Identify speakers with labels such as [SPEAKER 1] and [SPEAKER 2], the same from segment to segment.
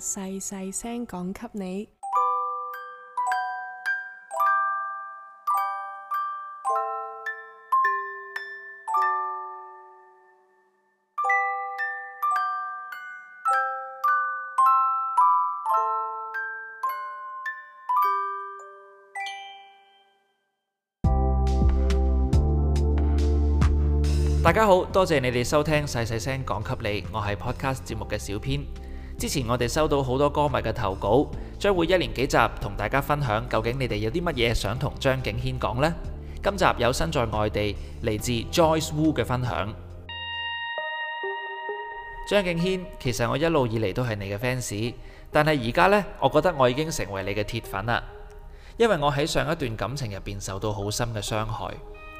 [SPEAKER 1] 細細聲講給你。大家好，多謝你哋收聽細細聲講給你，我係 Podcast 節目嘅小編。之前我哋收到好多歌迷嘅投稿，將會一連幾集同大家分享，究竟你哋有啲乜嘢想同張敬軒講呢？今集有身在外地嚟自 Joyce Wu 嘅分享。張敬軒，其實我一路以嚟都係你嘅 fans，但係而家呢，我覺得我已經成為你嘅鐵粉啦，因為我喺上一段感情入邊受到好深嘅傷害。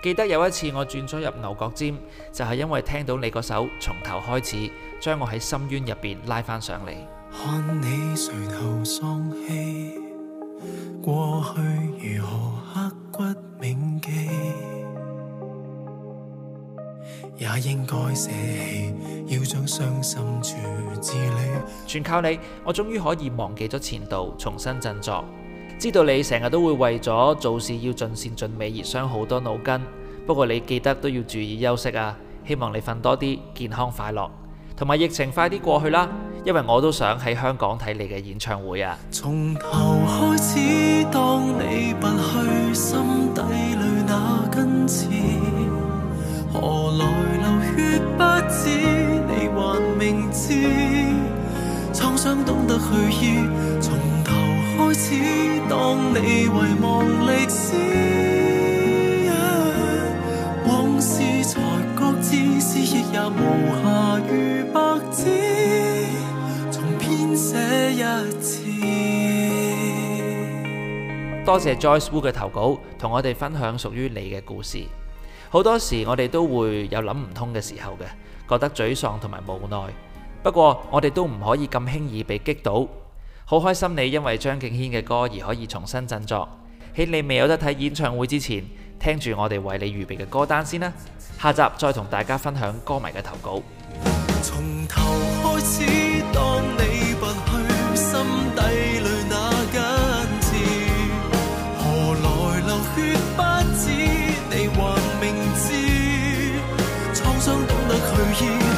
[SPEAKER 1] 記得有一次我轉咗入牛角尖，就係、是、因為聽到你個手從頭開始，將我喺深淵入邊拉返上嚟。
[SPEAKER 2] 看你垂頭喪氣，過去如何刻骨銘記？也應該捨棄，要將傷心處
[SPEAKER 1] 置你。全靠你，我終於可以忘記咗前度，重新振作。知道你成日都會為咗做事要盡善盡美而傷好多腦筋，不過你記得都要注意休息啊！希望你瞓多啲，健康快樂，同埋疫情快啲過去啦！因為我都想喺香港睇你嘅演唱會啊！從
[SPEAKER 2] 頭開始，當你拔去心底裏那根刺，何來流血不止？你還明知，創傷懂得去醫。從當你遺忘歷史往事止止，才自亦也無白編
[SPEAKER 1] 寫一次，多謝 Joyce Wu 嘅投稿，同我哋分享屬於你嘅故事。好多時我哋都會有諗唔通嘅時候嘅，覺得沮喪同埋無奈。不過我哋都唔可以咁輕易被擊倒。好開心你因為張敬軒嘅歌而可以重新振作。喺你未有得睇演唱會之前，聽住我哋為你預備嘅歌單先啦。下集再同大家分享歌迷嘅投稿。
[SPEAKER 2] 從頭開始，當你拔去心底裏那根刺，何來流血不止？你還明知，創傷懂得去醫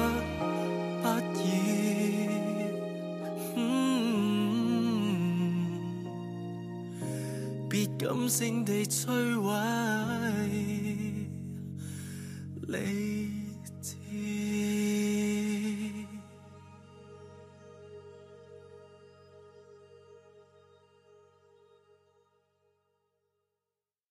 [SPEAKER 2] 別感性地摧毀你。